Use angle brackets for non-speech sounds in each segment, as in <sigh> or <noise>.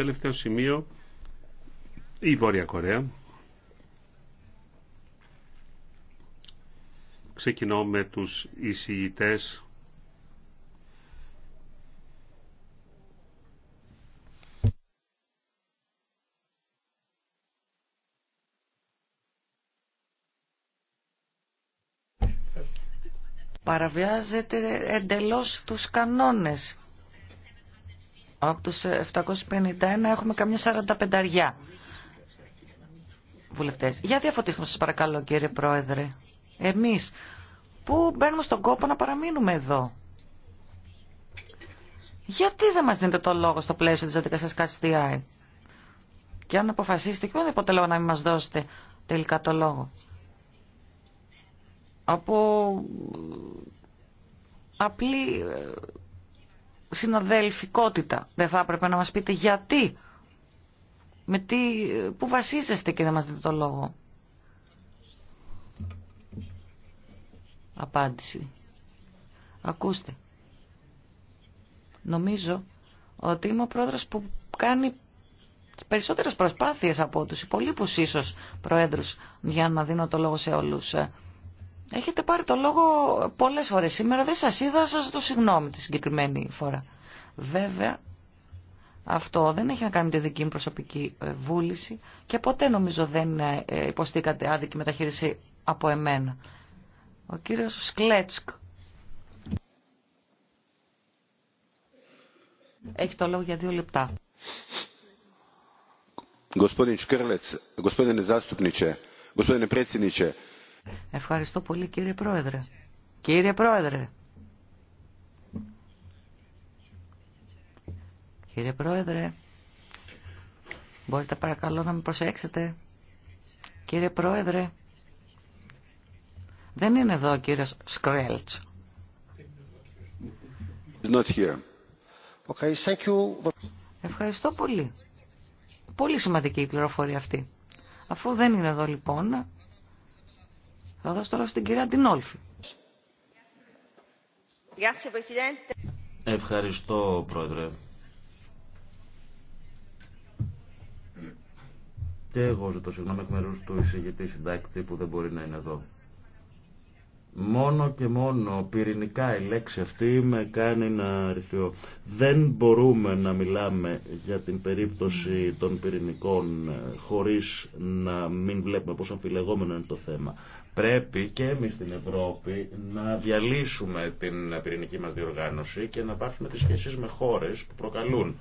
τελευταίο σημείο η Βόρεια Κορέα. Ξεκινώ με τους εισηγητές παραβιάζεται εντελώς τους κανόνες από τους 751 έχουμε καμιά 45 βουλευτές. Για διαφωτίστε σας παρακαλώ κύριε Πρόεδρε. Εμείς που μπαίνουμε στον κόπο να παραμείνουμε εδώ. Γιατί δεν μας δίνετε το λόγο στο πλαίσιο της αντικασίας τιάει; Και αν αποφασίσετε, και δεν ποτέ να μην μας δώσετε τελικά το λόγο. Από απλή ε, συναδελφικότητα. Δεν θα έπρεπε να μας πείτε γιατί, με τι, πού βασίζεστε και δεν μας δείτε το λόγο. Απάντηση. Ακούστε. Νομίζω ότι είμαι ο πρόεδρος που κάνει περισσότερες προσπάθειες από τους υπολείπους ίσως προέδρους για να δίνω το λόγο σε όλους. Έχετε πάρει το λόγο πολλές φορές σήμερα, δεν σας είδα, σας το συγγνώμη τη συγκεκριμένη φορά. Βέβαια, αυτό δεν έχει να κάνει τη δική μου προσωπική ε, βούληση και ποτέ νομίζω δεν ε, ε, υποστήκατε άδικη μεταχείριση από εμένα. Ο κύριος Σκλέτσκ. Έχει το λόγο για δύο λεπτά. Господин gospodine Ευχαριστώ πολύ κύριε Πρόεδρε. Κύριε Πρόεδρε. Κύριε Πρόεδρε. Μπορείτε παρακαλώ να με προσέξετε. Κύριε Πρόεδρε. Δεν είναι εδώ ο κύριος Σκρέλτς. Okay, thank you. Ευχαριστώ πολύ. Πολύ σημαντική η πληροφορία αυτή. Αφού δεν είναι εδώ λοιπόν, θα δώσω τώρα στην κυρία Ντινόλφη. Ευχαριστώ, Πρόεδρε. Και εγώ ζητώ συγγνώμη εκ μερού του εισηγητή συντάκτη που δεν μπορεί να είναι εδώ. Μόνο και μόνο πυρηνικά η λέξη αυτή με κάνει να ρηθιώ. Δεν μπορούμε να μιλάμε για την περίπτωση των πυρηνικών ε, χωρίς να μην βλέπουμε πόσο αμφιλεγόμενο είναι το θέμα. Πρέπει και εμείς στην Ευρώπη να διαλύσουμε την πυρηνική μας διοργάνωση και να πάρουμε τις σχέσεις με χώρες που προκαλούν.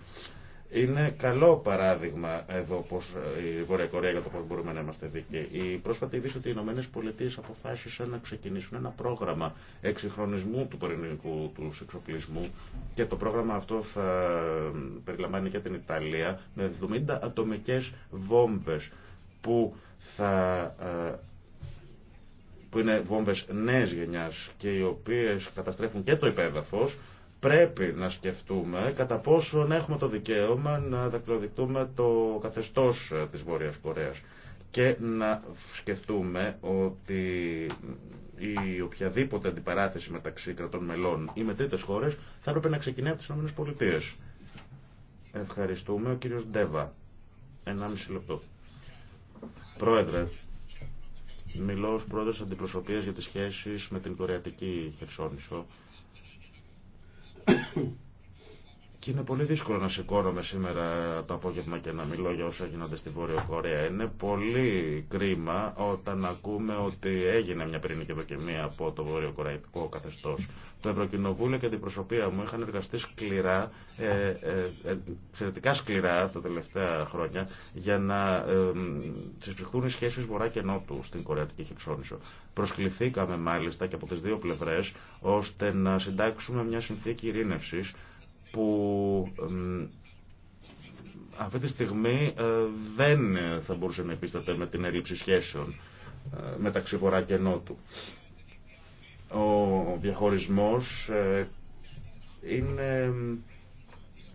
Είναι καλό παράδειγμα εδώ πως ε, η Βόρεια Κορέα για το πώς μπορούμε να είμαστε δίκαιοι. Η πρόσφατη είδηση ότι οι Ηνωμένε Πολιτείε αποφάσισαν να ξεκινήσουν ένα πρόγραμμα εξυγχρονισμού του πυρηνικού του εξοπλισμού και το πρόγραμμα αυτό θα ε, περιλαμβάνει και την Ιταλία με 70 ατομικές βόμβες που θα ε, που είναι βόμβες νέα γενιάς και οι οποίες καταστρέφουν και το υπέδαφος, πρέπει να σκεφτούμε κατά πόσο να έχουμε το δικαίωμα να δακτυλοδεικτούμε το καθεστώς της Βόρειας Κορέας και να σκεφτούμε ότι η οποιαδήποτε αντιπαράθεση μεταξύ κρατών μελών ή με τρίτες χώρες θα έπρεπε να ξεκινάει από τις ΗΠΑ. Ευχαριστούμε. Ο κύριος Ντέβα. μισή λεπτό. Πρόεδρε, Μιλώ ως πρόεδρος αντιπροσωπείας για τις σχέσεις με την Κορεατική Χερσόνησο. Και είναι πολύ δύσκολο να σηκώνομαι σήμερα το απόγευμα και να μιλώ για όσα γίνονται στην Βόρεια Κορέα. Είναι πολύ κρίμα όταν ακούμε ότι έγινε μια πυρηνική δοκιμία από το Βόρειο Κορεϊκό καθεστώ. Το Ευρωκοινοβούλιο και την προσωπία μου είχαν εργαστεί σκληρά, ε, ε, ε εξαιρετικά σκληρά τα τελευταία χρόνια, για να ε, συσφιχθούν οι σχέσει Βορρά και Νότου στην Κορεατική Χεξόνησο. Προσκληθήκαμε μάλιστα και από τι δύο πλευρέ ώστε να συντάξουμε μια συνθήκη ειρήνευση που αυτή τη στιγμή ε, δεν θα μπορούσε να επίσταται με την έλλειψη σχέσεων ε, μεταξύ Βορρά και Νότου. Ο διαχωρισμός ε, είναι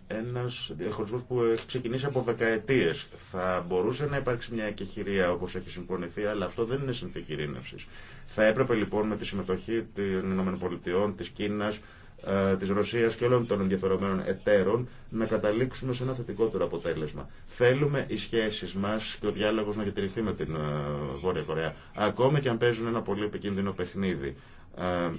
ένας διαχωρισμός που έχει ξεκινήσει από δεκαετίες. Θα μπορούσε να υπάρξει μια εκεχηρία όπως έχει συμφωνηθεί, αλλά αυτό δεν είναι συνθήκη ειρήνευσης. Θα έπρεπε λοιπόν με τη συμμετοχή των ΗΠΑ, της Κίνας, ε, της Ρωσίας και όλων των ενδιαφερομένων εταίρων να καταλήξουμε σε ένα θετικότερο αποτέλεσμα. Θέλουμε οι σχέσεις μας και ο διάλογος να διατηρηθεί με την ε, Βόρεια Κορέα, ακόμη και αν παίζουν ένα πολύ επικίνδυνο παιχνίδι. Ε,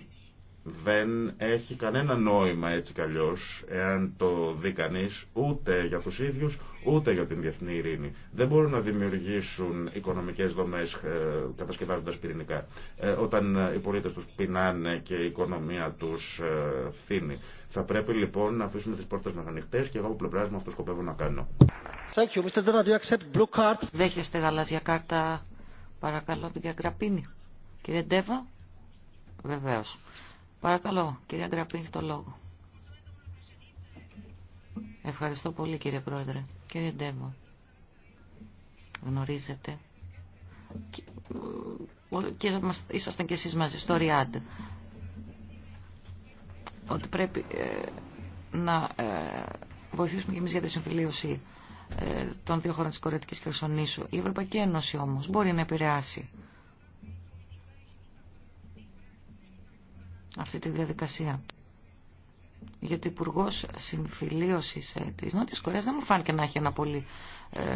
δεν έχει κανένα νόημα έτσι κι αλλιώς, εάν το δει κανεί ούτε για τους ίδιους, ούτε για την διεθνή ειρήνη. Δεν μπορούν να δημιουργήσουν οικονομικές δομές ε, κατασκευάζοντας πυρηνικά. Ε, όταν ε, οι πολίτες τους πεινάνε και η οικονομία τους ε, φθήνει. Θα πρέπει λοιπόν να αφήσουμε τις πόρτες μας ανοιχτές και εγώ από πλευράς μου αυτό σκοπεύω να κάνω. Mr. Δέχεστε γαλάζια κάρτα, παρακαλώ, την Γκραπίνη. Κύριε Ντέβα, βεβαίως. Παρακαλώ, κυρία Γκραπίνη, το λόγο. Ευχαριστώ πολύ κύριε Πρόεδρε. Κύριε Ντέμβο, γνωρίζετε και, ε, ε, ήσασταν και εσείς μαζί στο ΡΙΑΝΤ ότι πρέπει ε, να βοηθήσουμε και εμείς για τη συμφιλίωση των δύο χωρών της Κορετικής κερσονήσου. Η Ευρωπαϊκή Ένωση όμως μπορεί να επηρεάσει αυτή τη διαδικασία. Γιατί ο Υπουργό Συμφιλίωση ε, τη Νότια Κορέα δεν μου φάνηκε να έχει ένα πολύ ε,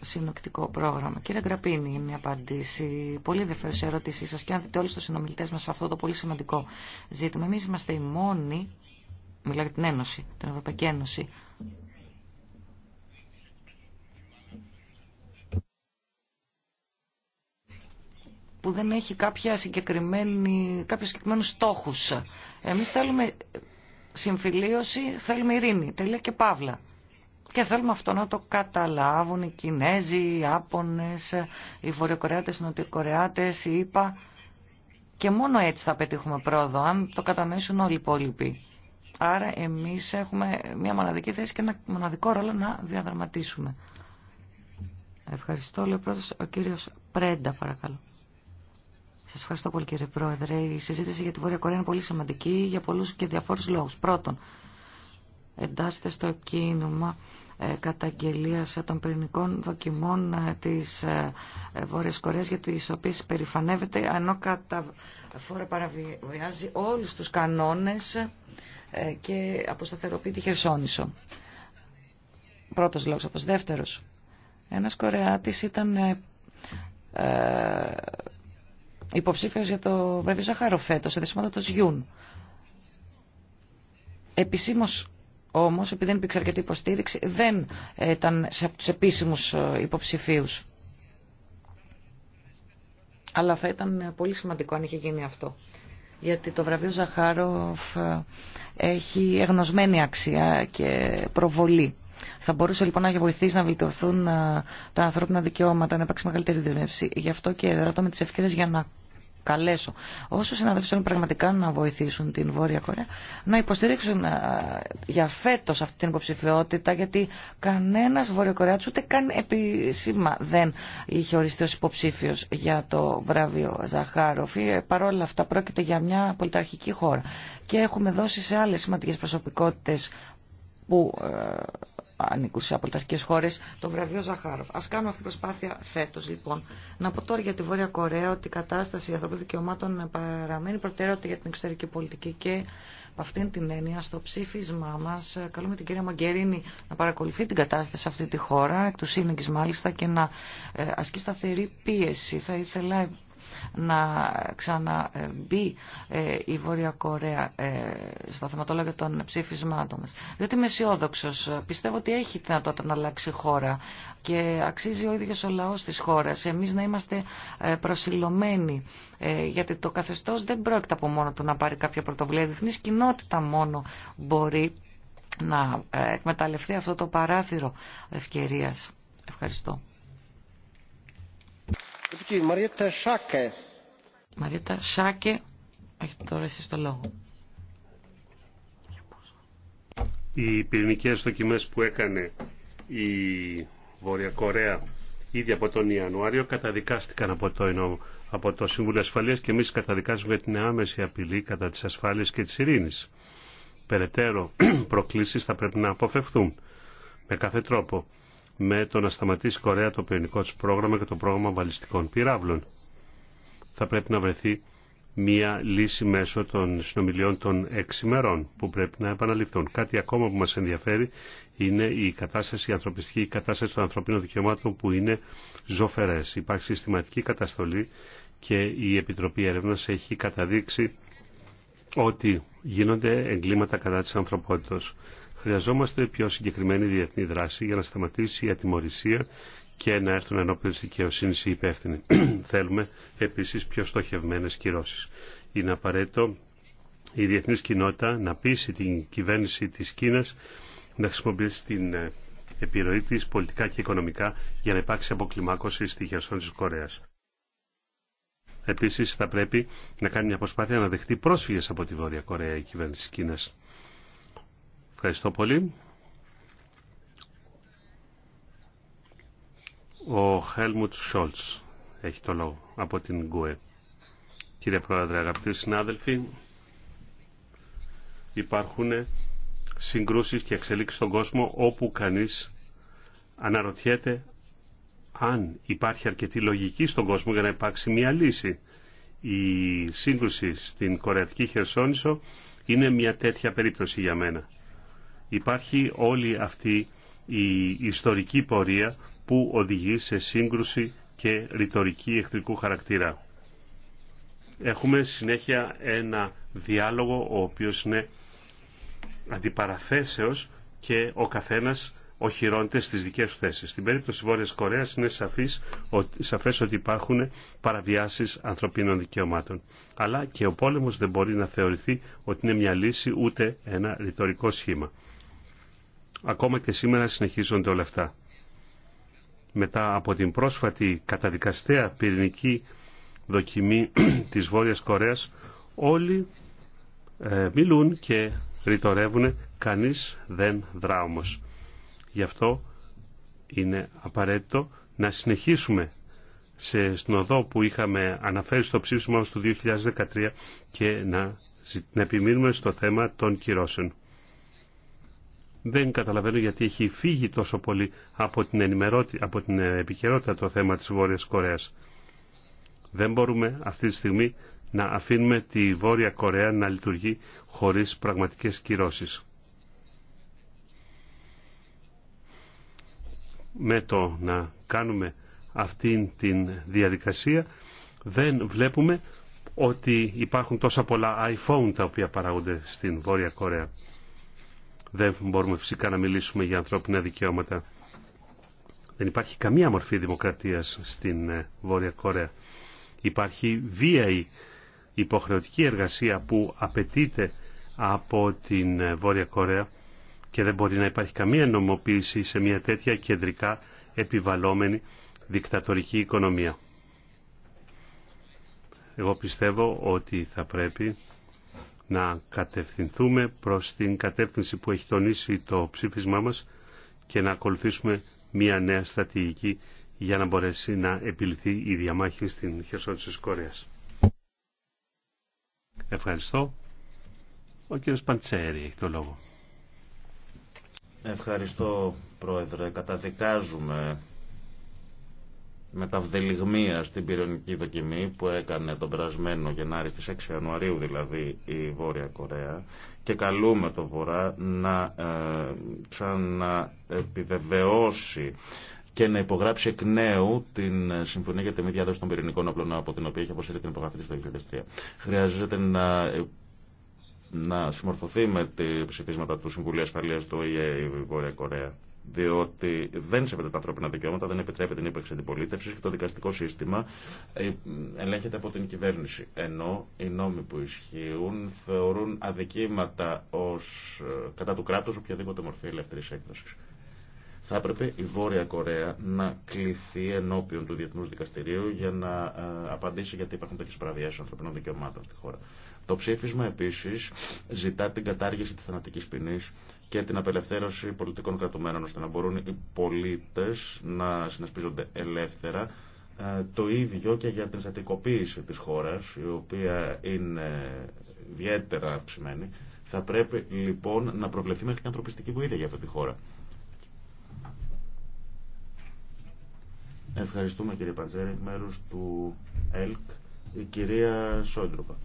συνοκτικό πρόγραμμα. Κύριε Γκραπίνη, είναι η απάντηση. Πολύ ενδιαφέρουσα η ερώτησή σα και αν δείτε όλου του συνομιλητέ μα σε αυτό το πολύ σημαντικό ζήτημα. Εμεί είμαστε οι μόνοι, μιλάω για την Ένωση, την Ευρωπαϊκή Ένωση, που δεν έχει κάποια συγκεκριμένη, κάποιους συγκεκριμένους στόχους. Εμείς θέλουμε συμφιλίωση, θέλουμε ειρήνη, τελεία και παύλα. Και θέλουμε αυτό να το καταλάβουν οι Κινέζοι, οι Άπωνες, οι Βορειοκορεάτες, οι Νοτιοκορεάτες, οι ΙΠΑ. Και μόνο έτσι θα πετύχουμε πρόοδο, αν το κατανοήσουν όλοι οι υπόλοιποι. Άρα εμείς έχουμε μια μοναδική θέση και ένα μοναδικό ρόλο να διαδραματίσουμε. Ευχαριστώ, λέει ο κύριος Πρέντα, παρακαλώ. Σας ευχαριστώ πολύ κύριε Πρόεδρε. Η συζήτηση για τη Βόρεια Κορέα είναι πολύ σημαντική για πολλούς και διαφόρους λόγους. Πρώτον, εντάσσεται στο κίνημα ε, καταγγελίας των πυρηνικών δοκιμών ε, της ε, Βόρειας Κορέας για τι οποίε περηφανεύεται ενώ κατά φορά παραβιάζει όλους τους κανόνες και αποσταθεροποιεί τη Χερσόνησο. Πρώτος λόγος αυτός. Δεύτερος, ένας Κορεάτης ήταν Υποψήφιο για το βραβείο Ζαχάρο φέτο, σε δεσμότατος Γιούν. Επίσημω όμως, επειδή δεν υπήρξε αρκετή υποστήριξη, δεν ήταν σε του επίσημου ε, υποψηφίου. Αλλά θα ήταν πολύ σημαντικό αν είχε γίνει αυτό. Γιατί το βραβείο Ζαχάροφ ε, έχει εγνωσμένη αξία και προβολή. Θα μπορούσε λοιπόν να βοηθήσει να βελτιωθούν ε, τα ανθρώπινα δικαιώματα, να υπάρξει μεγαλύτερη δεσμεύση. Γι' αυτό και δράτω με τι ευκαιρίε για να καλέσω όσου συναδέλφου θέλουν πραγματικά να βοηθήσουν την Βόρεια Κορέα να υποστηρίξουν ε, για φέτο αυτή την υποψηφιότητα, γιατί κανένα Βορειοκορεάτη ούτε καν επίσημα δεν είχε οριστεί ω υποψήφιο για το βραβείο Ζαχάροφ. Ε, παρόλα αυτά πρόκειται για μια πολιταρχική χώρα. Και έχουμε δώσει σε άλλε σημαντικέ προσωπικότητε που ανήκουν σε απολυταρχικές χώρες, το βραβείο Ζαχάροφ. Ας κάνουμε αυτή την προσπάθεια φέτος λοιπόν. Να πω τώρα για τη Βόρεια Κορέα ότι η κατάσταση ανθρωπίνων δικαιωμάτων παραμένει προτεραιότητα για την εξωτερική πολιτική και με αυτήν την έννοια στο ψήφισμά μας ε, καλούμε την κυρία Μαγκερίνη να παρακολουθεί την κατάσταση σε αυτή τη χώρα, εκ του σύνεγγης μάλιστα και να ε, ασκεί σταθερή πίεση. Θα ήθελα να ξαναμπεί ε, η Βόρεια Κορέα ε, στα θεματολόγια των ψήφισμάτων μας. Διότι είμαι αισιόδοξο. Πιστεύω ότι έχει δυνατότητα να αλλάξει χώρα και αξίζει ο ίδιος ο λαός της χώρας. Εμείς να είμαστε ε, προσιλωμένοι γιατί το καθεστώς δεν πρόκειται από μόνο του να πάρει κάποια πρωτοβουλία. διεθνής κοινότητα μόνο μπορεί να εκμεταλλευτεί αυτό το παράθυρο ευκαιρίας. Ευχαριστώ τώρα λόγο. Οι πυρηνικές δοκιμές που έκανε η Βόρεια Κορέα ήδη από τον Ιανουάριο καταδικάστηκαν από το, από το Συμβούλιο Ασφαλείας και εμείς καταδικάζουμε την άμεση απειλή κατά της ασφάλειας και της ειρήνης. Περαιτέρω <clears throat> προκλήσεις θα πρέπει να αποφευθούν με κάθε τρόπο με το να σταματήσει η Κορέα το πυρηνικό της πρόγραμμα και το πρόγραμμα βαλιστικών πυράβλων. Θα πρέπει να βρεθεί μία λύση μέσω των συνομιλιών των έξι μερών που πρέπει να επαναληφθούν. Κάτι ακόμα που μας ενδιαφέρει είναι η κατάσταση ανθρωπιστική, η κατάσταση των ανθρωπίνων δικαιωμάτων που είναι ζωφερές. Υπάρχει συστηματική καταστολή και η Επιτροπή Έρευνας έχει καταδείξει ότι γίνονται εγκλήματα κατά της ανθρωπότητας. Χρειαζόμαστε πιο συγκεκριμένη διεθνή δράση για να σταματήσει η ατιμορρησία και να έρθουν ενώπιον τη δικαιοσύνη οι υπεύθυνοι. <clears throat> Θέλουμε επίση πιο στοχευμένε κυρώσει. Είναι απαραίτητο η διεθνή κοινότητα να πείσει την κυβέρνηση τη Κίνα να χρησιμοποιήσει την ε, επιρροή τη πολιτικά και οικονομικά για να υπάρξει αποκλιμάκωση στη χερσόνη τη Κορέα. Επίση, θα πρέπει να κάνει μια προσπάθεια να δεχτεί πρόσφυγε από τη Βόρεια Κορέα η κυβέρνηση τη Κίνα. Ευχαριστώ πολύ. Ο Χέλμουτ Σόλτς έχει το λόγο από την ΓΚΟΕ. Κύριε Πρόεδρε, αγαπητοί συνάδελφοι, υπάρχουν συγκρούσεις και εξελίξεις στον κόσμο όπου κανείς αναρωτιέται αν υπάρχει αρκετή λογική στον κόσμο για να υπάρξει μια λύση. Η σύγκρουση στην Κορεατική Χερσόνησο είναι μια τέτοια περίπτωση για μένα υπάρχει όλη αυτή η ιστορική πορεία που οδηγεί σε σύγκρουση και ρητορική εχθρικού χαρακτήρα. Έχουμε συνέχεια ένα διάλογο ο οποίος είναι αντιπαραθέσεως και ο καθένας οχυρώνεται στις δικές του θέσεις. Στην περίπτωση Βόρειας Κορέας είναι σαφής, σαφές ότι υπάρχουν παραβιάσεις ανθρωπίνων δικαιωμάτων. Αλλά και ο πόλεμος δεν μπορεί να θεωρηθεί ότι είναι μια λύση ούτε ένα ρητορικό σχήμα. Ακόμα και σήμερα συνεχίζονται όλα αυτά. Μετά από την πρόσφατη καταδικαστέα πυρηνική δοκιμή <clears throat> της Βόρειας Κορέας, όλοι ε, μιλούν και ρητορεύουν, κανείς δεν δρά Γι' αυτό είναι απαραίτητο να συνεχίσουμε σε, στην οδό που είχαμε αναφέρει στο ψήφισμα του 2013 και να, να επιμείνουμε στο θέμα των κυρώσεων. Δεν καταλαβαίνω γιατί έχει φύγει τόσο πολύ από την, από την επικαιρότητα το θέμα της Βόρειας Κορέας. Δεν μπορούμε αυτή τη στιγμή να αφήνουμε τη Βόρεια Κορέα να λειτουργεί χωρίς πραγματικές κυρώσεις. Με το να κάνουμε αυτή την διαδικασία δεν βλέπουμε ότι υπάρχουν τόσα πολλά iPhone τα οποία παράγονται στην Βόρεια Κορέα. Δεν μπορούμε φυσικά να μιλήσουμε για ανθρώπινα δικαιώματα. Δεν υπάρχει καμία μορφή δημοκρατίας στην ε, Βόρεια Κορέα. Υπάρχει βίαιη υποχρεωτική εργασία που απαιτείται από την ε, Βόρεια Κορέα και δεν μπορεί να υπάρχει καμία νομοποίηση σε μια τέτοια κεντρικά επιβαλόμενη δικτατορική οικονομία. Εγώ πιστεύω ότι θα πρέπει να κατευθυνθούμε προς την κατεύθυνση που έχει τονίσει το ψήφισμά μας και να ακολουθήσουμε μια νέα στρατηγική για να μπορέσει να επιληθεί η διαμάχη στην χερσόνησο της Κορέας. Ευχαριστώ. Ο κύριος Παντσέρη έχει το λόγο. Ευχαριστώ Πρόεδρε. Καταδικάζουμε με τα στην πυρηνική δοκιμή που έκανε τον περασμένο Γενάρη στις 6 Ιανουαρίου δηλαδή η Βόρεια Κορέα και καλούμε το Βορρά να ε, ξαναεπιβεβαιώσει και να υπογράψει εκ νέου την Συμφωνία για τη Μη Διάδοση των Πυρηνικών Όπλων από την οποία είχε αποσύρει την υπογραφή της το 2003. Χρειάζεται να να συμμορφωθεί με τις ψηφίσματα του Συμβουλίου Ασφαλείας του ΟΗΕ η Βόρεια Κορέα διότι δεν σέβεται τα ανθρώπινα δικαιώματα, δεν επιτρέπεται την ύπαρξη αντιπολίτευση και το δικαστικό σύστημα ε, ελέγχεται από την κυβέρνηση. Ενώ οι νόμοι που ισχύουν θεωρούν αδικήματα ως, ε, κατά του κράτους οποιαδήποτε μορφή ελεύθερη έκδοση. θα έπρεπε η Βόρεια Κορέα να κληθεί ενώπιον του Διεθνού Δικαστηρίου για να ε, απαντήσει γιατί υπάρχουν τέτοιε παραβιάσει ανθρωπίνων δικαιωμάτων στη χώρα. Το ψήφισμα επίση ζητά την κατάργηση τη θανατική ποινή και την απελευθέρωση πολιτικών κρατουμένων ώστε να μπορούν οι πολίτες να συνασπίζονται ελεύθερα ε, το ίδιο και για την στατικοποίηση της χώρας η οποία είναι ιδιαίτερα αυξημένη θα πρέπει λοιπόν να προβλεφθεί μέχρι και ανθρωπιστική βοήθεια για αυτή τη χώρα. Ευχαριστούμε κύριε Παντζέρη, μέρους του ΕΛΚ, η κυρία Σόντροπα.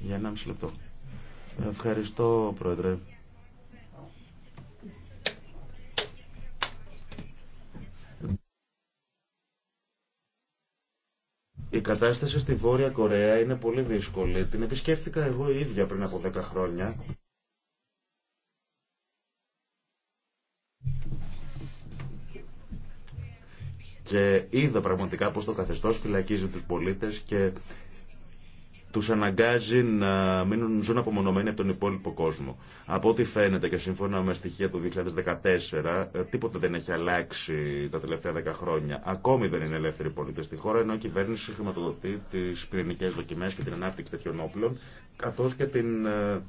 Για ένα μισή λεπτό. Ευχαριστώ, Πρόεδρε. Η κατάσταση στη Βόρεια Κορέα είναι πολύ δύσκολη. Την έπισκέφτηκα εγώ ίδια πριν από 10 χρόνια. Και είδα πραγματικά πως το καθεστώς φυλακίζει τους πολίτες και τους αναγκάζει να μείνουν, ζουν απομονωμένοι από τον υπόλοιπο κόσμο. Από ό,τι φαίνεται και σύμφωνα με στοιχεία του 2014, ε, τίποτα δεν έχει αλλάξει τα τελευταία 10 χρόνια. Ακόμη δεν είναι ελεύθεροι πολίτε στη χώρα, ενώ η κυβέρνηση χρηματοδοτεί τις πυρηνικέ δοκιμές και την ανάπτυξη τέτοιων όπλων, καθώς και την ε,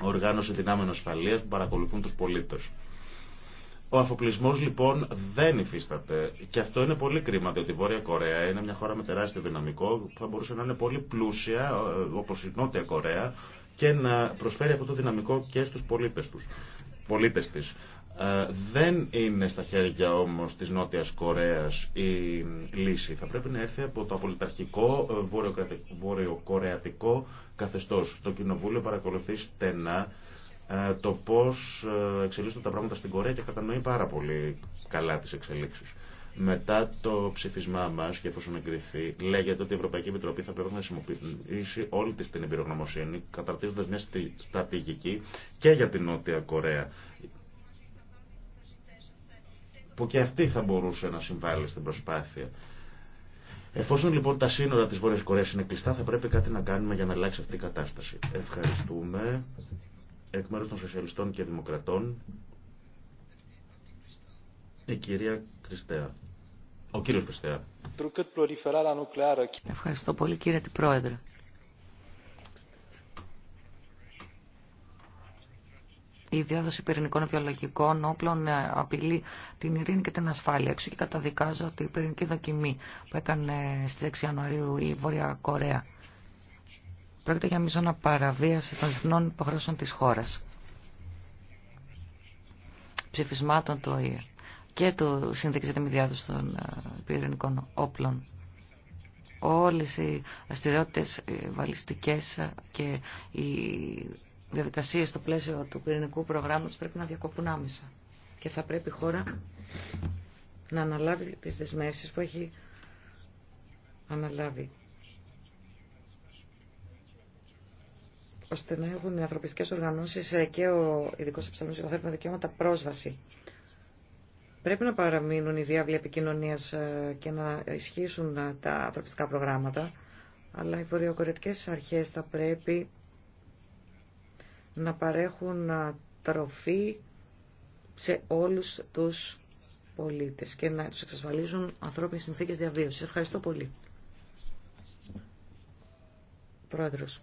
οργάνωση δυνάμεων ασφαλείας που παρακολουθούν του πολίτε. Ο αφοπλισμός λοιπόν δεν υφίσταται και αυτό είναι πολύ κρίμα διότι η Βόρεια Κορέα είναι μια χώρα με τεράστιο δυναμικό που θα μπορούσε να είναι πολύ πλούσια ε, όπως η Νότια Κορέα και να προσφέρει αυτό το δυναμικό και στους πολίτες, τους, πολίτες της. Ε, δεν είναι στα χέρια όμως της Νότιας Κορέας η λύση. Θα πρέπει να έρθει από το απολυταρχικό ε, βορειοκορεατικό καθεστώς. Το Κοινοβούλιο παρακολουθεί στενά ε, το πώ ε, εξελίσσονται τα πράγματα στην Κορέα και κατανοεί πάρα πολύ καλά τι εξελίξει. Μετά το ψήφισμά μα, και εφόσον εγκριθεί, λέγεται ότι η Ευρωπαϊκή Επιτροπή θα πρέπει να χρησιμοποιήσει όλη τη την εμπειρογνωμοσύνη, καταρτίζοντα μια στρατηγική και για την Νότια Κορέα. Που και αυτή θα μπορούσε να συμβάλλει στην προσπάθεια. Εφόσον λοιπόν τα σύνορα τη Βόρεια Κορέα είναι κλειστά, θα πρέπει κάτι να κάνουμε για να αλλάξει αυτή η κατάσταση. Ευχαριστούμε εκ μέρους των Σοσιαλιστών και Δημοκρατών η κυρία Κριστέα. Ο κύριος Κριστέα. Ευχαριστώ πολύ κύριε την Πρόεδρε. Η διάδοση πυρηνικών βιολογικών όπλων ε, απειλεί την ειρήνη και την ασφάλεια. Έξω και καταδικάζω ότι η πυρηνική δοκιμή που έκανε στις 6 Ιανουαρίου η Βόρεια Κορέα Πρόκειται για να παραβίαση των διεθνών υποχρεώσεων της χώρας. Ψηφισμάτων του ΟΗΕ και του Σύνδεξη για τη μηδιάδοση των ε, πυρηνικών όπλων. Όλες οι αστηριότητες ε, βαλιστικές ε, και οι διαδικασίες στο πλαίσιο του πυρηνικού προγράμματος πρέπει να διακοπούν άμεσα. Και θα πρέπει η χώρα να αναλάβει τις δεσμεύσεις που έχει αναλάβει ώστε να έχουν οι ανθρωπιστικές οργανώσεις ε, και ο ειδικός επιστήμονας για τα ανθρώπινα δικαιώματα πρόσβαση. Πρέπει να παραμείνουν οι διάβλοι επικοινωνία ε, και να ισχύσουν ε, τα ανθρωπιστικά προγράμματα, αλλά οι βορειοκορετικές αρχές θα πρέπει να παρέχουν τροφή σε όλους τους πολίτες και να τους εξασφαλίζουν ανθρώπινες συνθήκες διαβίωσης. Ευχαριστώ πολύ. Πρόεδρος.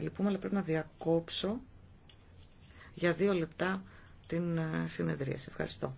Λυπούμε, αλλά πρέπει να διακόψω για δύο λεπτά την ε, συνεδρία. Σε Ευχαριστώ.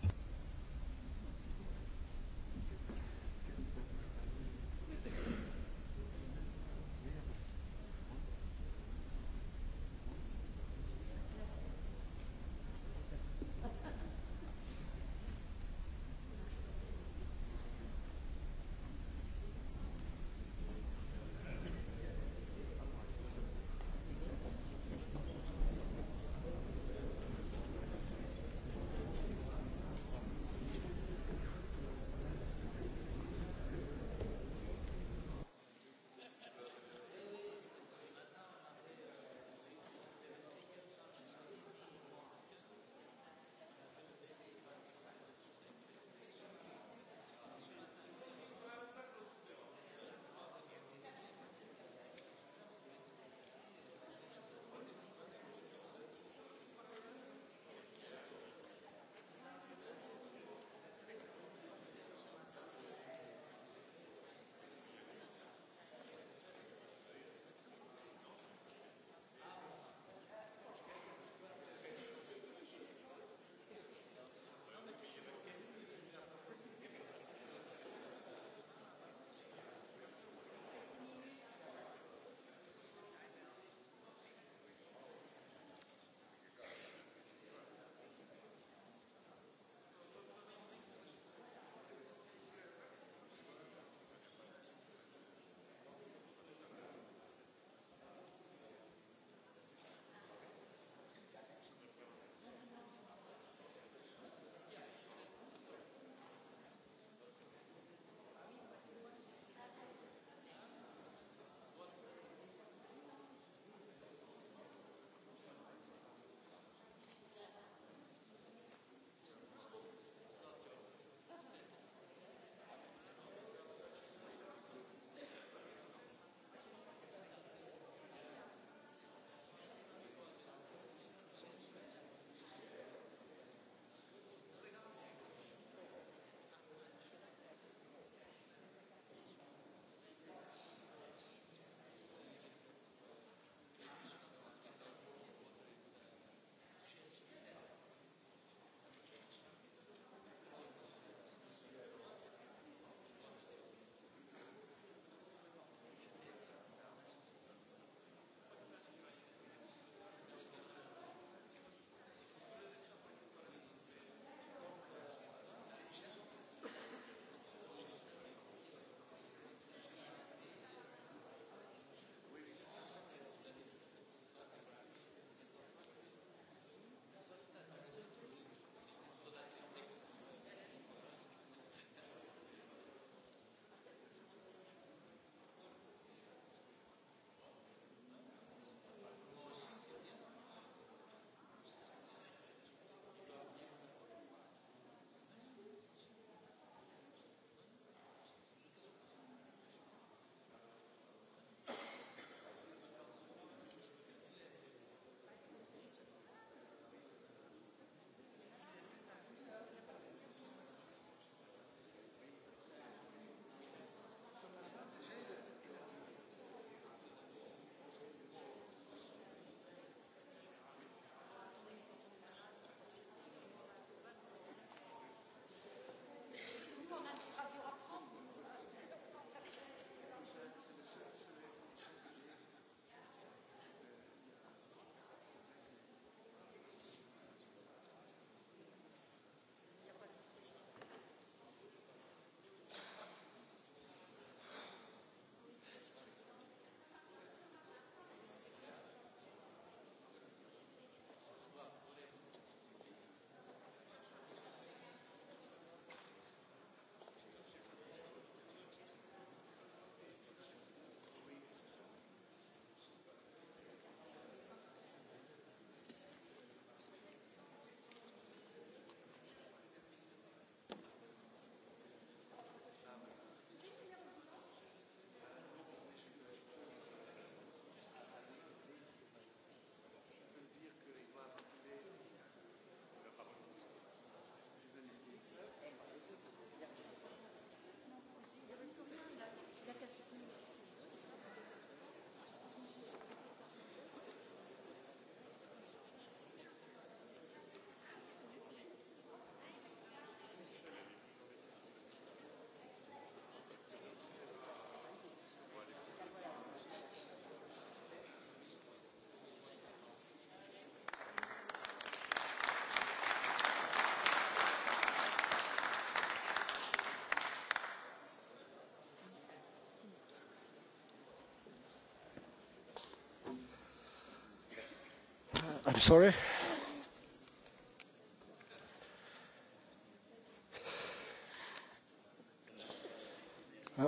I'm sorry.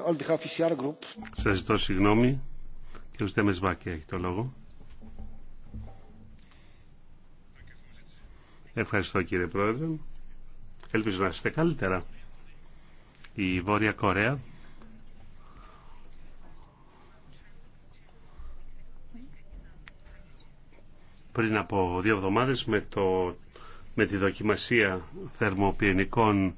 On behalf of the group. Σας ζητώ συγγνώμη. Κύριε Στέμεσβάκη έχει το λόγο. Ευχαριστώ κύριε Πρόεδρε. Ελπίζω να είστε καλύτερα. Η Βόρεια Κορέα πριν από δύο εβδομάδες με, το, με τη δοκιμασία θερμοπυρηνικών,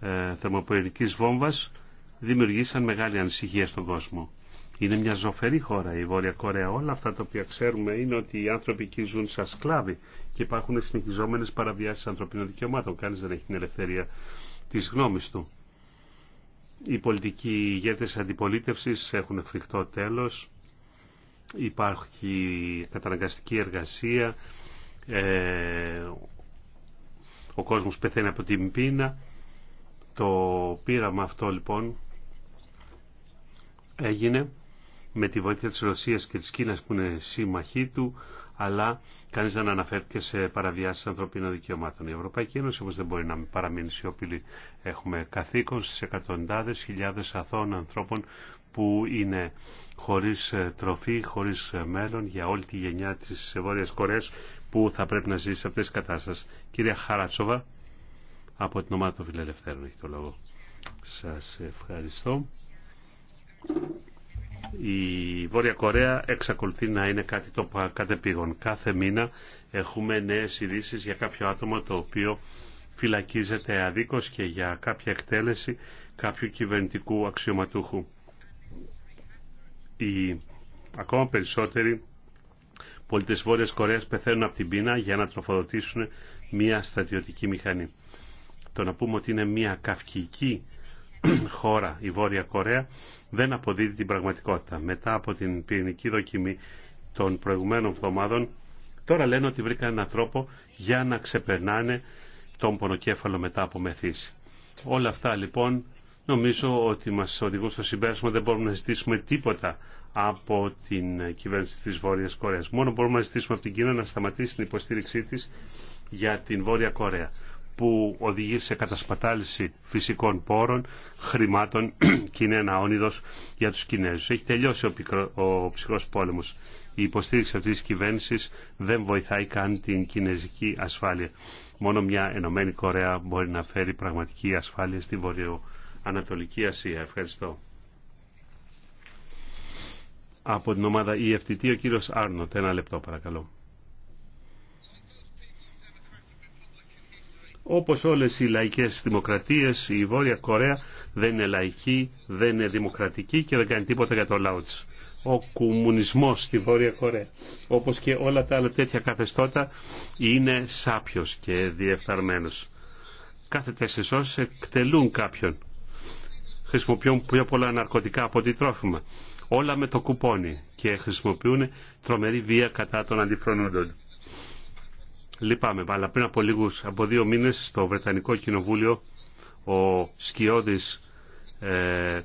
ε, θερμοπυρηνικής βόμβας δημιουργήσαν μεγάλη ανησυχία στον κόσμο. Είναι μια ζωφερή χώρα η Βόρεια Κορέα. Όλα αυτά τα οποία ξέρουμε είναι ότι οι άνθρωποι εκεί ζουν σαν σκλάβοι και υπάρχουν συνεχιζόμενε παραβιάσει ανθρωπίνων δικαιωμάτων. Κανεί δεν έχει την ελευθερία τη γνώμη του. Οι πολιτικοί ηγέτε αντιπολίτευση έχουν φρικτό τέλο. Υπάρχει καταναγκαστική εργασία, ε, ο κόσμος πεθαίνει από την πείνα. Το πείραμα αυτό λοιπόν έγινε με τη βοήθεια της Ρωσίας και της Κίνας που είναι σύμμαχοί του, αλλά κανείς δεν αναφέρθηκε σε παραβιάσεις ανθρωπίνων δικαιωμάτων. Η Ευρωπαϊκή Ένωση όμως δεν μπορεί να παραμείνει σιωπηλή. Έχουμε καθήκον στις εκατοντάδες χιλιάδες αθώων ανθρώπων που είναι χωρίς ε, τροφή, χωρίς ε, μέλλον για όλη τη γενιά της Βόρειας Κορέας που θα πρέπει να ζήσει σε αυτές τις κατάστασεις. Κυρία Χαρατσόβα, από την ομάδα των Φιλελευθέρων έχει το λόγο. Σας ευχαριστώ. Η Βόρεια Κορέα εξακολουθεί να είναι κάτι το κατεπήγον. Κάθε μήνα έχουμε νέες ειδήσει για κάποιο άτομο το οποίο φυλακίζεται αδίκως και για κάποια εκτέλεση κάποιου κυβερνητικού αξιωματούχου οι ακόμα περισσότεροι πολίτες Βόρειας Κορέας πεθαίνουν από την πείνα για να τροφοδοτήσουν μια στρατιωτική μηχανή. Το να πούμε ότι είναι μια καυκική <clears throat> χώρα η Βόρεια Κορέα δεν αποδίδει την πραγματικότητα. Μετά από την πυρηνική δοκιμή των προηγουμένων εβδομάδων τώρα λένε ότι βρήκαν έναν τρόπο για να ξεπερνάνε τον πονοκέφαλο μετά από μεθύση. Όλα αυτά λοιπόν νομίζω ότι μας οδηγούν στο συμπέρασμα δεν μπορούμε να ζητήσουμε τίποτα από την κυβέρνηση της Βόρειας Κορέας. Μόνο μπορούμε να ζητήσουμε από την Κίνα να σταματήσει την υποστήριξή της για την Βόρεια Κορέα που οδηγεί σε κατασπατάληση φυσικών πόρων, χρημάτων <clears throat> και είναι ένα όνειδος για τους Κινέζους. Έχει τελειώσει ο, πικρό, ο πόλεμος. Η υποστήριξη αυτής της κυβέρνησης δεν βοηθάει καν την κινέζικη ασφάλεια. Μόνο μια ενωμένη Κορέα μπορεί να φέρει πραγματική ασφάλεια στη Βόρειο Ανατολική Ασία. Ευχαριστώ. Από την ομάδα EFTT ο κύριος Άρνοτ. Ένα λεπτό παρακαλώ. Όπως όλες οι λαϊκές δημοκρατίες, η Βόρεια Κορέα δεν είναι λαϊκή, δεν είναι δημοκρατική και δεν κάνει τίποτα για το λαό της. Ο κομμουνισμός στη Βόρεια Κορέα, όπως και όλα τα άλλα τέτοια καθεστώτα, είναι σάπιος και διεφθαρμένος. Κάθε τέσσερις ώρες εκτελούν κάποιον χρησιμοποιούν πιο πολλά ναρκωτικά από τη τρόφιμα. Όλα με το κουπόνι και χρησιμοποιούν τρομερή βία κατά των αντιφρονούντων. Λυπάμαι, αλλά πριν από λίγους, από δύο μήνες στο Βρετανικό Κοινοβούλιο ο Σκιώδης ε,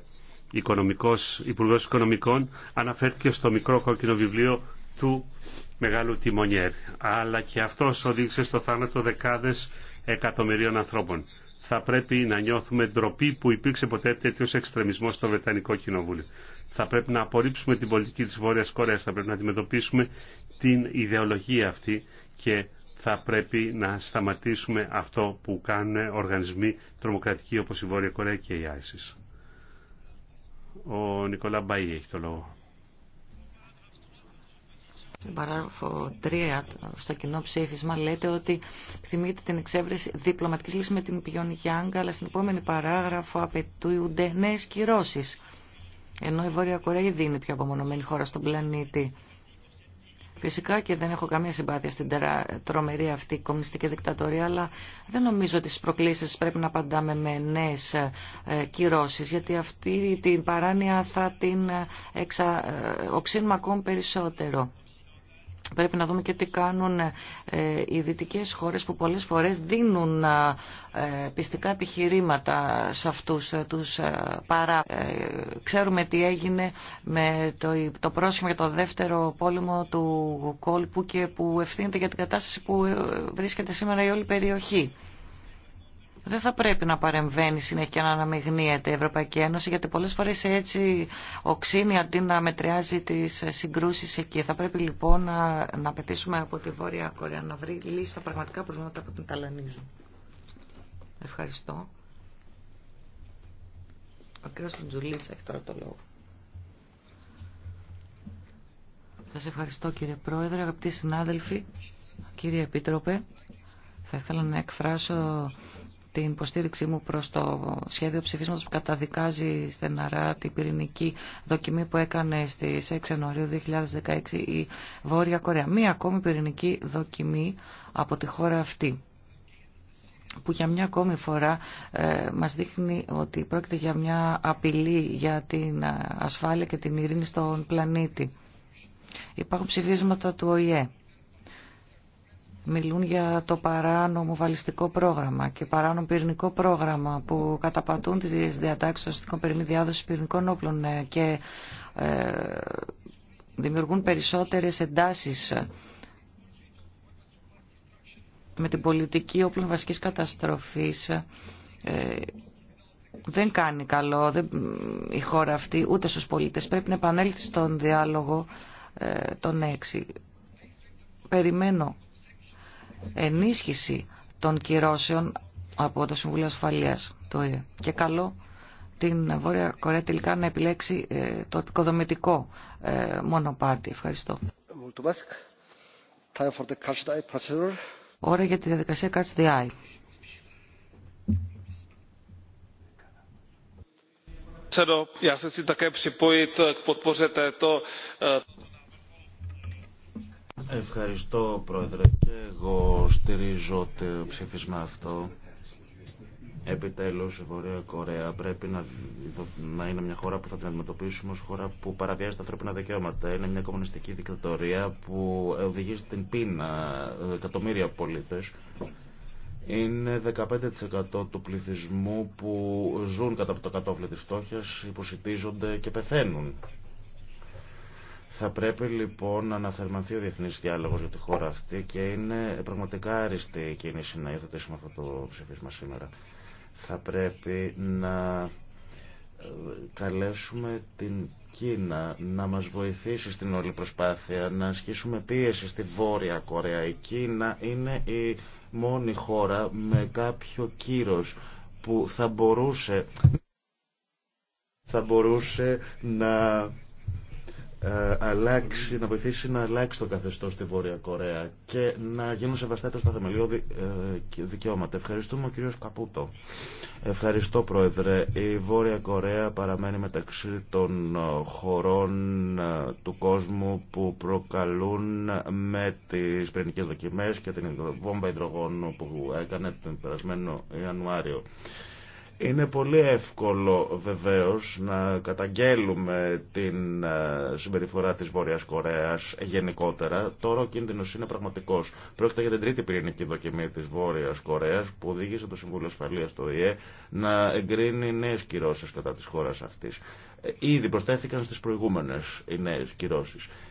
οικονομικός, Υπουργός Οικονομικών αναφέρθηκε στο μικρό κόκκινο βιβλίο του Μεγάλου Τιμονιέρ. Αλλά και αυτός οδήγησε στο θάνατο δεκάδες εκατομμυρίων ανθρώπων θα πρέπει να νιώθουμε ντροπή που υπήρξε ποτέ τέτοιο εξτρεμισμό στο Βρετανικό Κοινοβούλιο. Θα πρέπει να απορρίψουμε την πολιτική τη Βόρεια Κορέα, θα πρέπει να αντιμετωπίσουμε την ιδεολογία αυτή και θα πρέπει να σταματήσουμε αυτό που κάνουν οργανισμοί τρομοκρατικοί όπως η Βόρεια Κορέα και η ISIS. Ο Νικολά Μπαΐ έχει το λόγο. Στην παράγραφο 3, στο κοινό ψήφισμα, λέτε ότι θυμείτε την εξέβρεση διπλωματικής λύση με την πηγιόν Γιάνγκα, αλλά στην επόμενη παράγραφο απαιτούνται νέε κυρώσει, Ενώ η Βόρεια Κορέα ήδη είναι η πιο απομονωμένη χώρα στον πλανήτη. Φυσικά και δεν έχω καμία συμπάθεια στην τερα... τρομερή αυτή κομμουνιστική δικτατορία, αλλά δεν νομίζω ότι στις προκλήσει πρέπει να απαντάμε με νέε ε, κυρώσει, γιατί αυτή την παράνοια θα την ε, εξα... Ε, οξύνουμε ακόμη περισσότερο. Πρέπει να δούμε και τι κάνουν ε, ε, οι δυτικές χώρες που πολλές φορές δίνουν ε, πιστικά επιχειρήματα σε αυτούς τους παρά. Ξέρουμε τι έγινε με το πρόσχημα για το δεύτερο πόλεμο του κόλπου και που ευθύνεται για την κατάσταση που βρίσκεται σήμερα η όλη περιοχή δεν θα πρέπει να παρεμβαίνει συνέχεια να αναμειγνύεται η Ευρωπαϊκή Ένωση, γιατί πολλές φορές έτσι οξύνει αντί να μετριάζει τις συγκρούσεις εκεί. Θα πρέπει λοιπόν να, να από τη Βόρεια Κορέα να βρει λύση στα πραγματικά προβλήματα που την ταλανίζουν. Ευχαριστώ. Ο κ. Τζουλίτσα έχει τώρα το λόγο. Σας ευχαριστώ κύριε Πρόεδρε, αγαπητοί συνάδελφοι, κύριε Επίτροπε. Θα ήθελα να εκφράσω την υποστήριξή μου προς το σχέδιο ψηφίσματος που καταδικάζει στεναρά την πυρηνική δοκιμή που έκανε στις 6 Ιανουαρίου 2016 η Βόρεια Κορέα. Μία ακόμη πυρηνική δοκιμή από τη χώρα αυτή που για μια ακόμη φορά ε, μας δείχνει ότι πρόκειται για μια απειλή για την ε, ασφάλεια και την ειρήνη στον πλανήτη. Υπάρχουν ψηφίσματα του ΟΗΕ μιλούν για το παράνομο βαλιστικό πρόγραμμα και παράνομο πυρηνικό πρόγραμμα που καταπατούν τις διατάξεις των αστικών περίμη πυρηνικών όπλων ε, και ε, δημιουργούν περισσότερες εντάσεις με την πολιτική όπλων βασικής καταστροφής ε, δεν κάνει καλό δεν, η χώρα αυτή ούτε στους πολίτες. Πρέπει να επανέλθει στον διάλογο των έξι. Περιμένω ενίσχυση των κυρώσεων από το Συμβούλιο Ασφαλείας το ε. και καλό την Βόρεια Κορέα τελικά να επιλέξει ε, το επικοδομητικό ε, μονοπάτι. Ευχαριστώ. Ωραία για τη διαδικασία Catch the Eye. Ευχαριστώ Πρόεδρε και εγώ στηρίζω το ψήφισμα αυτό. Επιτέλους η Βορεια Κορέα πρέπει να, είναι μια χώρα που θα την αντιμετωπίσουμε ως χώρα που παραβιάζει τα ανθρώπινα δικαιώματα. Είναι μια κομμουνιστική δικτατορία που οδηγεί στην πείνα εκατομμύρια πολίτες είναι 15% του πληθυσμού που ζουν κατά το κατόφλι της φτώχειας, υποσυτίζονται και πεθαίνουν. Θα πρέπει λοιπόν να αναθερμανθεί ο διεθνή διάλογο για τη χώρα αυτή και είναι πραγματικά άριστη η κίνηση να υιοθετήσουμε αυτό το ψηφίσμα σήμερα. Θα πρέπει να ε, καλέσουμε την Κίνα να μας βοηθήσει στην όλη προσπάθεια, να ασκήσουμε πίεση στη Βόρεια Κορέα. Η Κίνα είναι η μόνη χώρα με κάποιο κύρος που θα μπορούσε, θα μπορούσε να ε, αλλάξει, να βοηθήσει να αλλάξει το καθεστώς στη Βόρεια Κορέα και να γίνουν σεβαστά στα θεμελιώδη ε, δικαιώματα. Ευχαριστούμε ο κύριος Καπούτο. Ευχαριστώ Πρόεδρε. Η Βόρεια Κορέα παραμένει μεταξύ των ε, χωρών του κόσμου που προκαλούν με τις πυρηνικές δοκιμές και την βόμβα υδρογόνου που έκανε τον περασμένο Ιανουάριο. Είναι πολύ εύκολο βεβαίως να καταγγέλουμε την ε, συμπεριφορά της Βόρειας Κορέας γενικότερα. Τώρα ο κίνδυνος είναι πραγματικός. Πρόκειται για την τρίτη πυρηνική δοκιμή της Βόρειας Κορέας που οδήγησε το Συμβούλιο Ασφαλείας του ΙΕ να εγκρίνει νέες κυρώσεις κατά της χώρας αυτής. Ε, ήδη προστέθηκαν στις προηγούμενες οι νέες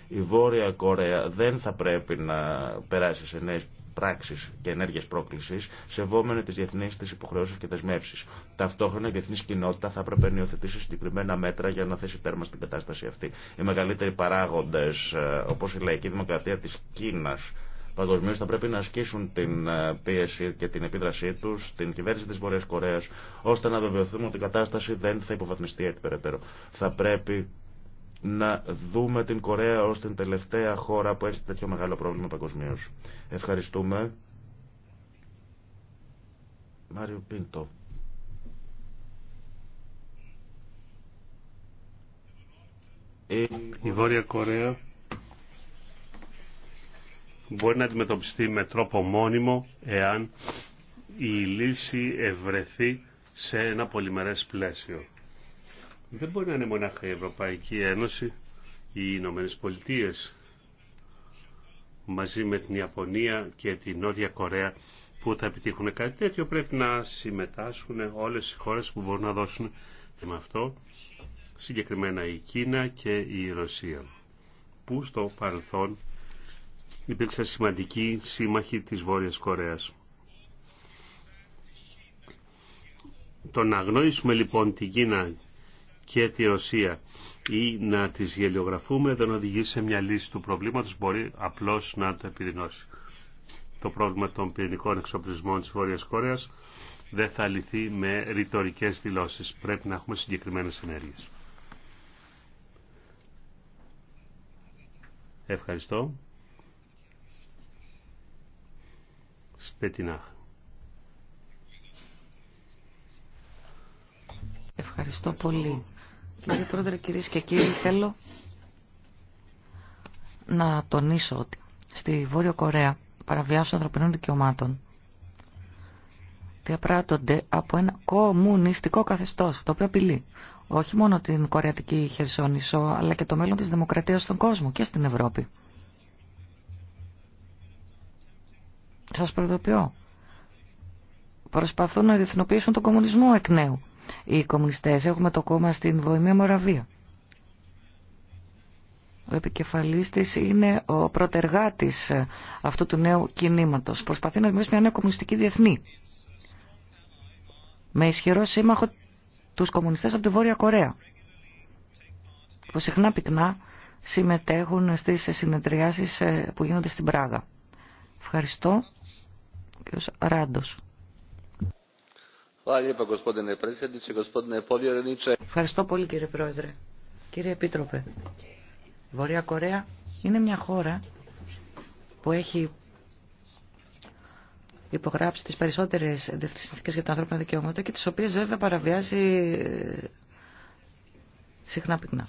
Η Βόρεια Κορέα δεν θα πρέπει να περάσει σε νέες πράξεις και ενέργειες πρόκλησης, σεβόμενοι τις διεθνείς της υποχρεώσεις και δεσμεύσεις. Ταυτόχρονα η διεθνής κοινότητα θα πρέπει να υιοθετήσει συγκεκριμένα μέτρα για να θέσει τέρμα στην κατάσταση αυτή. Οι μεγαλύτεροι παράγοντες, ε, όπως η λαϊκή δημοκρατία της Κίνας, παγκοσμίω θα πρέπει να ασκήσουν την ε, πίεση και την επίδρασή του στην κυβέρνηση τη Βορεια Κορέα, ώστε να βεβαιωθούμε ότι η κατάσταση δεν θα υποβαθμιστεί έτσι περαιτέρω. Θα πρέπει να δούμε την Κορέα ως την τελευταία χώρα που έχει τέτοιο μεγάλο πρόβλημα παγκοσμίω. Ευχαριστούμε. Μάριο Πίντο. Η Βόρεια Κορέα μπορεί να αντιμετωπιστεί με τρόπο μόνιμο εάν η λύση ευρεθεί σε ένα πολυμερές πλαίσιο. Δεν μπορεί να είναι μονάχα η Ευρωπαϊκή Ένωση οι Ηνωμένε Πολιτείε μαζί με την Ιαπωνία και την Νότια Κορέα που θα επιτύχουν κάτι τέτοιο. Πρέπει να συμμετάσχουν όλες οι χώρες που μπορούν να δώσουν με αυτό, συγκεκριμένα η Κίνα και η Ρωσία, που στο παρελθόν υπήρξαν σημαντικοί σύμμαχοι της Βόρειας Κορέας. Το να γνωρίσουμε λοιπόν την Κίνα και τη Ρωσία ή να τις γελιογραφούμε δεν οδηγεί σε μια λύση του προβλήματος, μπορεί απλώς να το επιδεινώσει. Το πρόβλημα των πυρηνικών εξοπλισμών της Βόρειας Κόρεας δεν θα λυθεί με ρητορικέ δηλώσεις. Πρέπει να έχουμε συγκεκριμένες ενέργειες. Ευχαριστώ. Στετινά. Ευχαριστώ πολύ. Κύριε Πρόεδρε, κυρίε και κύριοι, θέλω να τονίσω ότι στη Βόρειο Κορέα παραβιάσεις ανθρωπινών δικαιωμάτων διαπράττονται από ένα κομμουνιστικό καθεστώς, το οποίο απειλεί όχι μόνο την κορεατική χερσόνησο, αλλά και το μέλλον της δημοκρατίας στον κόσμο και στην Ευρώπη. σα προειδοποιώ. Προσπαθούν να διεθνοποιήσουν τον κομμουνισμό εκ νέου οι κομμουνιστές. Έχουμε το κόμμα στην Βοημία Μοραβία. Ο επικεφαλής της είναι ο πρωτεργάτης αυτού του νέου κινήματος. Προσπαθεί να δημιουργήσει μια νέα κομμουνιστική διεθνή. Με ισχυρό σύμμαχο τους κομμουνιστές από τη Βόρεια Κορέα. Που συχνά πυκνά συμμετέχουν στις συνεδριάσεις που γίνονται στην Πράγα. Ευχαριστώ. Κύριος Ράντος. Ευχαριστώ πολύ κύριε Πρόεδρε. Κύριε Επίτροπε, η Βορεια Κορέα είναι μια χώρα που έχει υπογράψει τις περισσότερες συνθήκες για τα ανθρώπινα δικαιώματα και τι οποίε βέβαια παραβιάζει ε, συχνά πυκνά.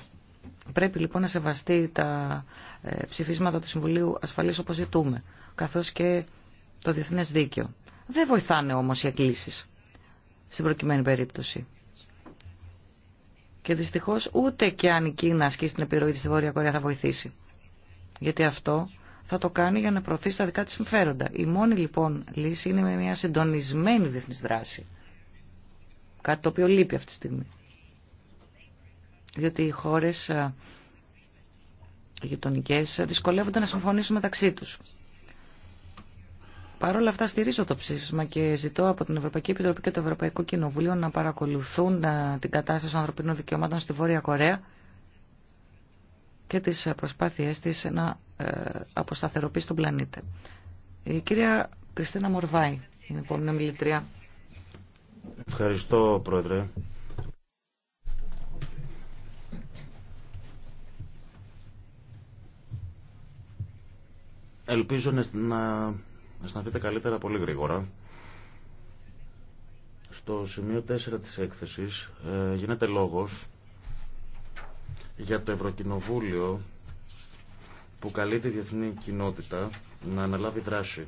Πρέπει λοιπόν να σεβαστεί τα ε, ψηφίσματα του Συμβουλίου Ασφαλής όπως ζητούμε, καθώς και το Διεθνές Δίκαιο. Δεν βοηθάνε όμως οι εκκλήσεις στην προκειμένη περίπτωση. Και δυστυχώς ούτε και αν η Κίνα ασκήσει την επιρροή της στη Βόρεια Κορέα θα βοηθήσει. Γιατί αυτό θα το κάνει για να προωθήσει τα δικά τη συμφέροντα. Η μόνη λοιπόν λύση είναι με μια συντονισμένη διεθνή δράση. Κάτι το οποίο λείπει αυτή τη στιγμή. Διότι οι χώρες ε, γειτονικέ ε, δυσκολεύονται να συμφωνήσουν μεταξύ του. Παρ' όλα αυτά στηρίζω το ψήφισμα και ζητώ από την Ευρωπαϊκή Επιτροπή και το Ευρωπαϊκό Κοινοβούλιο να παρακολουθούν την κατάσταση των ανθρωπίνων δικαιωμάτων στη Βόρεια Κορέα και τις προσπάθειές της να ε, αποσταθεροποιήσει τον πλανήτη. Η κυρία Κριστίνα Μορβάη, η επόμενη μιλητρία. Ευχαριστώ, Πρόεδρε. Ελπίζω να αισθανθείτε καλύτερα πολύ γρήγορα. Στο σημείο 4 της έκθεσης ε, γίνεται λόγος για το Ευρωκοινοβούλιο που καλεί τη διεθνή κοινότητα να αναλάβει δράση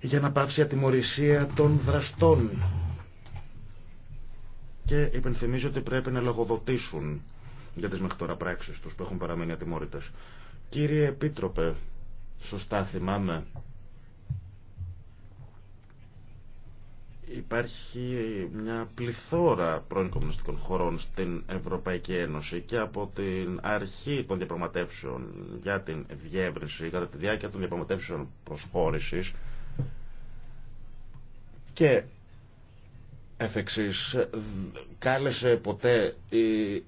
για να πάψει η ατιμορρησία των δραστών και υπενθυμίζει ότι πρέπει να λογοδοτήσουν για τις μέχρι τώρα πράξεις τους που έχουν παραμείνει ατιμόρυτες. Κύριε Επίτροπε, σωστά θυμάμαι, υπάρχει μια πληθώρα πρώην κομμουνιστικών χωρών στην Ευρωπαϊκή Ένωση και από την αρχή των διαπραγματεύσεων για την διεύρυνση, κατά τη διάρκεια των διαπραγματεύσεων προσχώρησης και Εφ' κάλεσε ποτέ η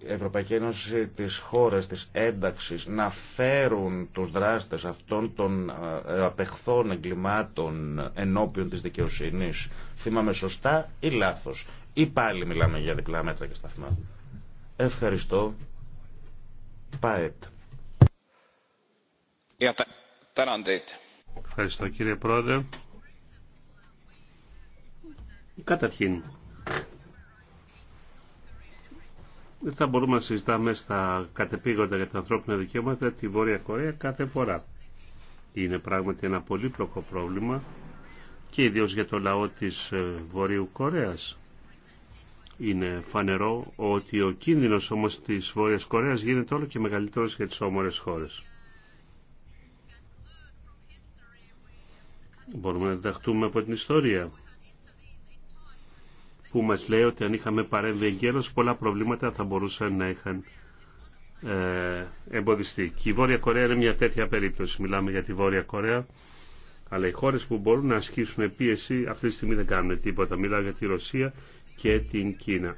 Ευρωπαϊκή Ένωση τις χώρες της ένταξης να φέρουν τους δράστες αυτών των ε, απεχθών εγκλημάτων ενώπιον της δικαιοσύνης. Θυμάμαι σωστά ή λάθος. Ή πάλι μιλάμε για διπλά μέτρα και σταθμά. Ευχαριστώ. Πάετ. Ευχαριστώ κύριε Πρόεδρε. Καταρχήν, δεν θα μπορούμε να συζητάμε στα κατεπήγοντα για τα ανθρώπινα δικαιώματα τη Βόρεια Κορέα κάθε φορά. Είναι πράγματι ένα πολύπλοκο πρόβλημα και ιδίως για το λαό της ε, Βορείου Κορέας. Είναι φανερό ότι ο κίνδυνος όμως της Βόρειας Κορέας γίνεται όλο και μεγαλύτερος για τις όμορες χώρες. Μπορούμε να διδαχτούμε από την ιστορία που μας λέει ότι αν είχαμε παρέμβει εγκαίρως πολλά προβλήματα θα μπορούσαν να είχαν ε, εμποδιστεί. Και η Βόρεια Κορέα είναι μια τέτοια περίπτωση. Μιλάμε για τη Βόρεια Κορέα. Αλλά οι χώρες που μπορούν να ασκήσουν πίεση αυτή τη στιγμή δεν κάνουν τίποτα. Μιλάμε για τη Ρωσία και την Κίνα.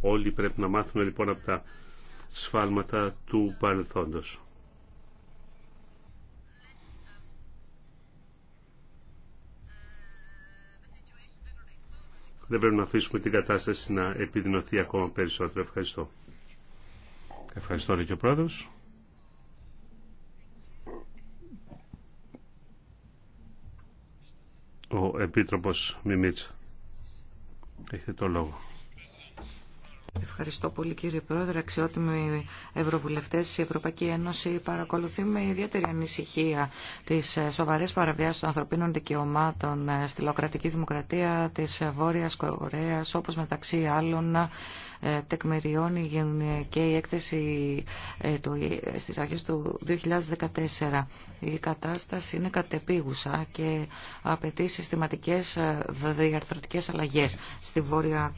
Όλοι πρέπει να μάθουμε λοιπόν από τα σφάλματα του παρελθόντος. δεν πρέπει να αφήσουμε την κατάσταση να επιδεινωθεί ακόμα περισσότερο. Ευχαριστώ. Ευχαριστώ Ρίκιο και ο επίτροπο Επίτροπος Μιμίτσα. Έχετε το λόγο. Ευχαριστώ πολύ κύριε Πρόεδρε. Αξιότιμοι Ευρωβουλευτές, η Ευρωπαϊκή Ένωση παρακολουθεί με ιδιαίτερη ανησυχία τις σοβαρές παραβιάσεις των ανθρωπίνων δικαιωμάτων στη λαοκρατική δημοκρατία της Βόρειας Κορέας, όπως μεταξύ άλλων ε, τεκμεριών και η έκθεση ε, στις αρχές του 2014. Η κατάσταση είναι κατεπίγουσα και απαιτεί συστηματικές ε, διαρθρωτικές αλλαγές στη Βόρεια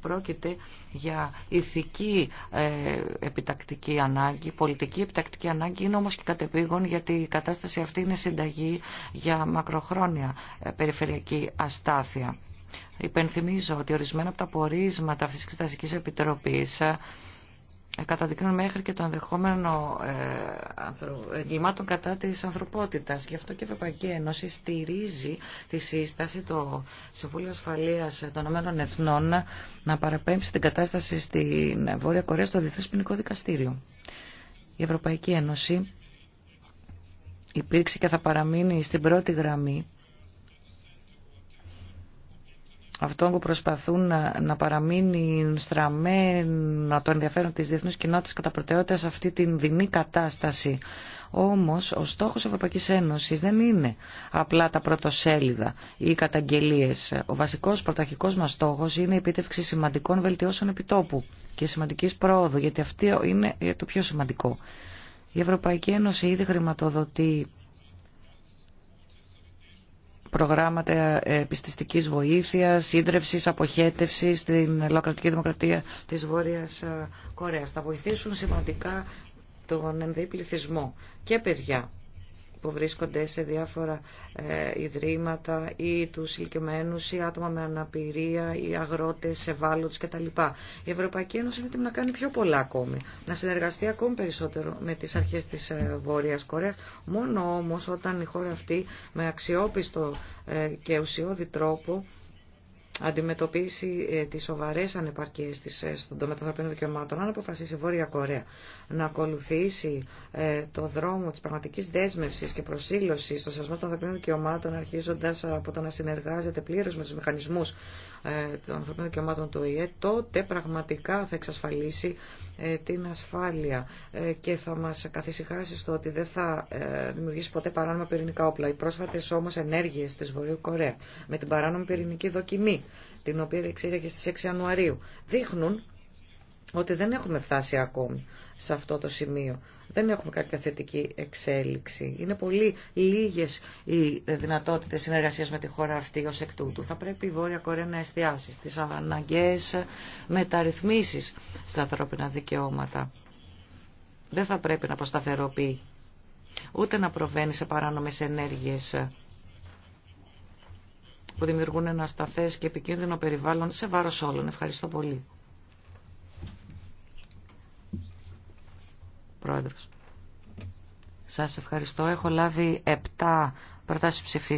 Πρόκειται για ηθική ε, επιτακτική ανάγκη, πολιτική επιτακτική ανάγκη, είναι όμως και κατεπήγον γιατί η κατάσταση αυτή είναι συνταγή για μακροχρόνια ε, περιφερειακή αστάθεια. Υπενθυμίζω ότι ορισμένα από τα πορίσματα αυτής της Κριστασικής Επιτροπής ε, ε, καταδεικνύουν μέχρι και το ενδεχόμενο ε, εγκλημάτων κατά της ανθρωπότητας. Γι' αυτό και η Ευρωπαϊκή Ένωση στηρίζει τη σύσταση το Συμβούλιο Ασφαλείας των Ηνωμένων Εθνών να παραπέμψει την κατάσταση στην Βόρεια Κορέα στο Διεθνές Ποινικό Δικαστήριο. Η Ευρωπαϊκή Ένωση υπήρξε και θα παραμείνει στην πρώτη γραμμή αυτό που προσπαθούν να, να παραμείνει στραμμένο το ενδιαφέρον της διεθνούς κοινότητας κατά προτεραιότητα σε αυτή την δινή κατάσταση. Όμως, ο στόχος Ευρωπαϊκής Ένωσης δεν είναι απλά τα πρωτοσέλιδα ή οι καταγγελίες. Ο βασικός πρωταρχικός μας στόχος είναι η επίτευξη σημαντικών βελτιώσεων επιτόπου και σημαντικής πρόοδου, γιατί αυτό είναι το πιο σημαντικό. Η Ευρωπαϊκή Ένωση ήδη χρηματοδοτεί προγράμματα επιστηστικής βοήθειας, σύντρευσης, αποχέτευσης στην ελλακρατική Δημοκρατία της Βόρειας ε, Κορέας. Θα βοηθήσουν σημαντικά τον ενδύπληθισμό και παιδιά που βρίσκονται σε διάφορα ε, ιδρύματα ή τους ηλικιωμένου ή άτομα με αναπηρία ή αγρότες, ευάλωτους κτλ. Η Ευρωπαϊκή Ένωση είναι έτοιμη να κάνει πιο πολλά ακόμη, να συνεργαστεί ακόμη περισσότερο με τις αρχές της ε, Βόρειας Κορέας, μόνο όμως όταν η χώρα αυτή με αξιόπιστο ε, και ουσιώδη τρόπο αντιμετωπίσει ε, τι σοβαρέ ανεπαρκίε τη ε, στον τομέα των ανθρωπίνων δικαιωμάτων, αν αποφασίσει η Βόρεια Κορέα να ακολουθήσει ε, το δρόμο τη πραγματική δέσμευση και προσήλωση στο σεβασμό των ανθρωπίνων δικαιωμάτων, αρχίζοντα από το να συνεργάζεται πλήρω με του μηχανισμού ε, των ανθρωπίνων δικαιωμάτων του ΟΗΕ, τότε πραγματικά θα εξασφαλίσει ε, την ασφάλεια ε, και θα μας καθησυχάσει στο ότι δεν θα δημιουργήσει ποτέ παράνομα πυρηνικά όπλα. Οι πρόσφατες όμως ενέργειες της Βορείου Κορέα με την παράνομη πυρηνική δοκιμή, την οποία εξήγαγε στις 6 Ιανουαρίου, δείχνουν ότι δεν έχουμε φτάσει ακόμη σε αυτό το σημείο δεν έχουμε κάποια θετική εξέλιξη. Είναι πολύ λίγες οι δυνατότητες συνεργασίας με τη χώρα αυτή ω εκ τούτου. Θα πρέπει η Βόρεια Κορέα να εστιάσει στις αναγκαίε μεταρρυθμίσει στα ανθρώπινα δικαιώματα. Δεν θα πρέπει να αποσταθεροποιεί, ούτε να προβαίνει σε παράνομες ενέργειες που δημιουργούν ένα σταθές και επικίνδυνο περιβάλλον σε βάρος όλων. Ευχαριστώ πολύ. Πρόεδρος. Σας ευχαριστώ. Έχω λάβει 7 προτάσεις ψηφί.